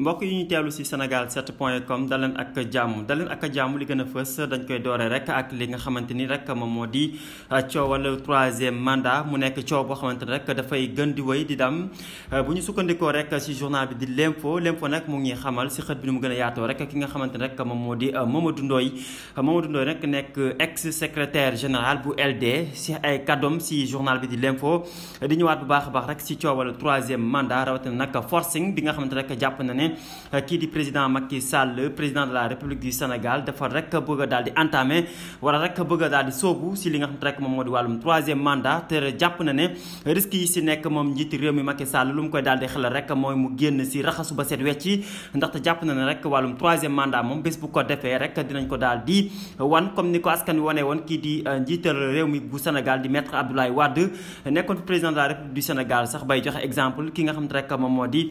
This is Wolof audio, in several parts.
mbokk yi ñu teewlu ci sénégal 7 point com daleen ak jàmm daleen ak jàmm li gën a fës dañ koy dooree rek ak li nga xamante ni rek moom moo di uh, coowal troisième mandat mu nekk coow boo xamante ni rek dafay gën di wéy di dam uh, bu ñu sukkandikoo rek ci journal bi di l'info l'info nag mu ngi xamal ci xët bi nu mu gën yaatoo rek ki nga xamante ni moom moo di uh, Mamadou Ndoye Mamadou Ndoye nekk ex secretaire général bu LD ci ay kàddoom ci journal bi di l'info di ñëwaat bu baax a baax rek ci coowal troisième mandat rawatina nag forcing bi nga xamante rek jàpp na ne ne euh, kii di président Macky Sall président de la République du Sénégal dafa rek bëgg a daal di entamé wala rek bëgg a daal di soobu si li nga xam te rek moom moo di wàllum troisième mandat te jàpp na ne risque yi si nekk moom njiiti réew mi Macky Sall lu mu koy daal di xelal rek mooy mu génn si raxasu ba set wecc ndaxte jàpp na ne rek wàllum troisième mandat moom bés bu ko defee rek dinañ ko daal di wan comme ni ko askan wi wanee woon kii di euh, njiital réew mi bu Sénégal di maître Abdoulaye Wade nekkoon président de la République du sax bay joxe exemple ki nga xam te rek moom moo di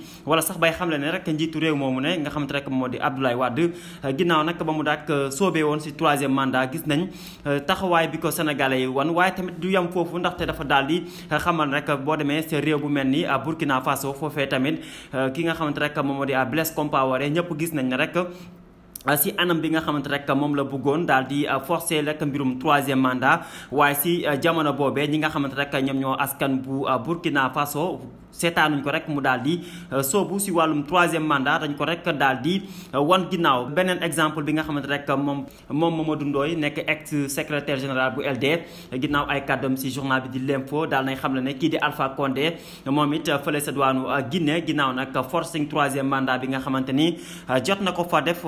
njiitu réew moomu ne nga xamante rek moo di Abdoulaye Wade ginnaaw nag ba mu daak euh, soobee woon si troisième mandat gis nañ euh, taxawaay bi ko sénégalais yi wan waaye tamit du yem foofu ndaxte dafa daal di euh, xamal rek boo demee sa réew bu mel ni Burkina Faso foofee tamit ki nga xamante rek moom moo di Blaise Compaoré ñëpp gis nañ ne rek Ah, si anam bi nga xamante rek moom la bëggoon daal di ah, forcé rek mbirum troisième mandat waaye si ah, jamono boobee ñi nga xamante rek ñoom ñoo askan bu Burkina Faso seetaanuñ ko rek mu daal di soobu si wàllum troisième mandat dañ ko rek daal di wan ginnaaw beneen exemple bi nga xamante rek moom moom Mamadou dundooy nekk ex secretaire général bu LD ginnaaw ay kàddam si journal bi di l'info daal nay xam le ne kii di Alpha Condé moom it fële sa duwaanu Guinée ginnaaw nag forcing troisième mandat bi nga xamante ni jot na ko fa def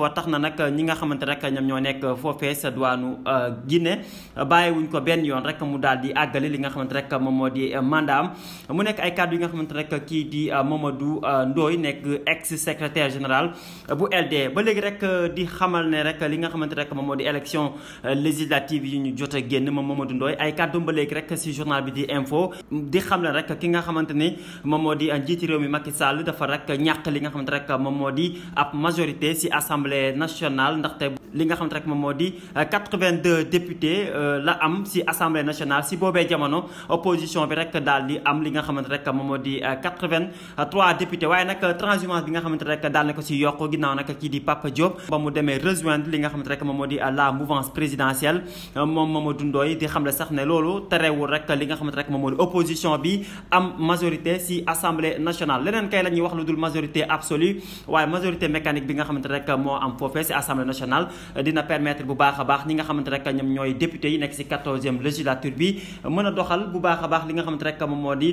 nag ñi nga xamante rek ñoom ñoo nekk foofee sa duwaanu euh, Guinée bàyyiwuñ ko benn yoon rek mu daal di àggale li nga xamante rek moom moo di euh, mandat am mu nekk ay kàddu yi nga xamante rek kii di euh, Mamadou Ndoye nekk ex secrétaire général bu LD ba léegi rek di xamal ne rek li nga xamante rek moom moo di élection législative yi ñu jot a génn moom Mamadou ndooy ay kàddu ba léegi rek si journal bi di info di xam ne rek ki nga xamante ni moom moo di njiiti réew mi Macky Sall dafa rek ñàkk li nga xamante rek moom moo di ab majorité si assemblée national ndaxte li nga xam ne rek moom moo di 82 euh, députés euh, la am si assemblée nationale si boobee jamono opposition bi rek daal di am li nga xamante rek moom moo di 83 euh, députés waaye nag transhumance bi nga xamante rek daal na ko si yokk ginnaaw nag kii di Papa Diop ba mu li nga xamante rek moom moo di la mouvance présidentielle moom Mamadou Ndoye di xam ne sax ne loolu terewul rek li nga xamante rek moom moo di opposition bi am majorité si assemblée nationale leneen kay la ñuy wax lu dul majorité absolue waaye majorité mécanique bi nga xamante rek moo am foofee si assemblée nationale dina permettre bu baax a baax ñi nga xamante rek ñoom ñooy député yi nekk si quatorzième législature bi mën a doxal bu baax a baax li nga xamante rek moom moo di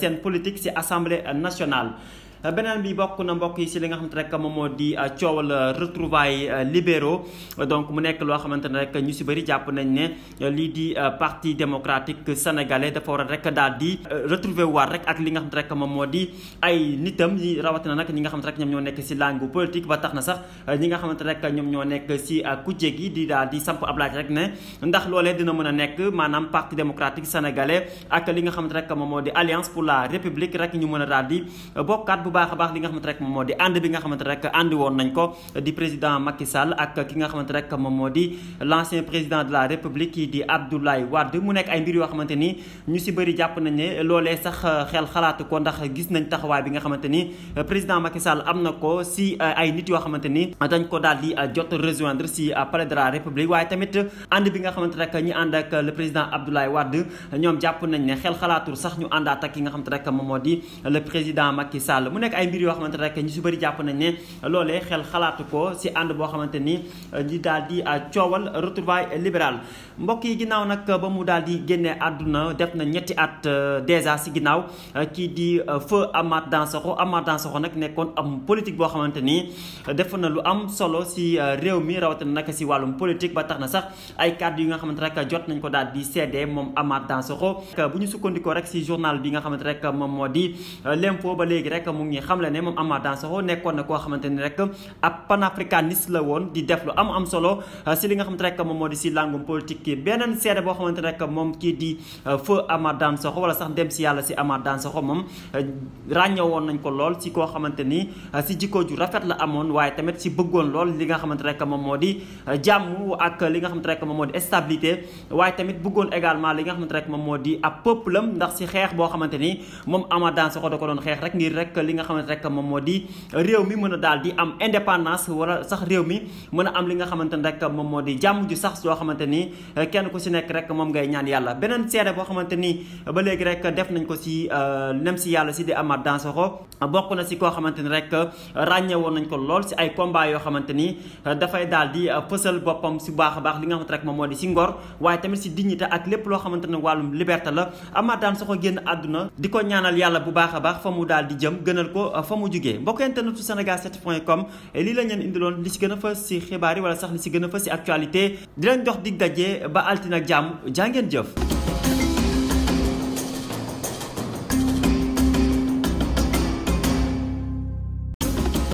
seen politique si assemblée nationale beneen bi bokk na mbokk yi si li nga xamante rek moom moo di euh, coowal euh, retrouvailles euh, libéraux donc mu nekk loo xamante ne rek ñu si bëri jàpp nañ ne lii di parti démocratique sénégalais dafa war a rek daal di retrouver waat rek ak li nga xamante rek moom moo di nitam rawatina nag ñi nga xamante rek ñoom ñoo nekk si langue politique ba tax na sax ñi nga xamante rek ñoom ñoo nekk si kujje gi di daal di samp ab rek ne ndax loolee dina mën a nekk maanaam parti démocratique sénégalais ak li nga xamante rek moom moo di alliance pour la république rek ñu mën a daal di bokkaat baax a baax li nga xamante rek moomoo moo di ànd bi nga xamante rek àndi woon nañ ko di président Macky Sall ak ki nga xamante rek moom moo di l' président de la république yi di Abdoulaye Wade mu nekk ay mbir yoo xamante ni ñu si bëri jàpp nañ ne loolee sax xel xalaatu ko ndax gis nañ taxawaay bi nga xamante ni président Macky Sall am na ko si euh, ay nit yoo xamante ni dañ ko daal di euh, jot rejoindre si euh, palais de la république waaye tamit ànd bi nga xamante rek ñi ànd ak le président Abdoulaye Wade ñoom jàpp nañ ne xel xalaatul sax ñu àndaat ak ki nga xamante rek moom moo di président Macky Sall mu nekk ay mbir yoo xamante rek ñu si bëri jàpp nañ ne loolee xel xalaatu ko si ànd boo xamante ni euh, di daal di euh, coowal retrouvailles libérales mbokk yi ginnaaw nag ba mu daal di génnee àdduna def na ñetti at euh, dèjà si ginnaaw kii di feu Amath Dansokho Amath Dansokho nag nekkoon am politique boo xamante ni def na lu am solo si réew mi rawatina nag si wàllum politique ba tax na sax ay kàddu yi nga xamante rek jot nañ ko daal di seede moom Amath Dansokho bu ñu sukkandikoo rek si journal bi nga xamante rek moom moo di ngi xam le ne moom Amath Dansokho nekkoon na koo xamante ni rek ab panafricaniste la woon di def lu am am solo euh, si li nga xamante rek moom moo di si langum politique kii beneen seede boo xamante rek moom di euh, feu Amath Dansokho wala sax dem si yàlla si Amath Dansokho moom euh, ràññe woon nañ ko lool si koo xamante ni si jikko ju rafet la amoon waaye tamit si bëggoon lool li nga xamante rek moom moo di jàmm ak li nga xamante rek moom moo di stabilité waaye tamit bëggoon également li nga xamante rek moom moo di ab peuple am ndax si xeex boo xamante ni moom Amath Dansokho da ko doon xeex rek ngir rek nga xamante rek moom moo di réew mi mën a daal di am indépendance wala sax réew mi mën a am li nga xamante rek moom moo di jàmm ju sax yoo xamante ni kenn ku si nekk rek moom ngay ñaan yàlla beneen seede boo xamante ni ba léegi rek def nañ ko si euh, nem si yàlla si di Amath ko bokk na si koo xamante ni rek ràññee woon nañ ko lool si ay combat yoo xamante ni dafay daal di fësal boppam si baax a baax li nga xamante rek moom moo di si ngor waaye tamit si dignité ak lépp loo xamante ne wàllum liberté la Amath Dansokho génn àdduna di ko a jël ko euh, fa mu jugee mbokk internetu sénégal 7 point com euh, lii la ñeen indiloon li si gën a fës si xibaar yi wala sax li si gën a fës si actualité di leen jox dig daje ba altine ak jàmm jaa jëf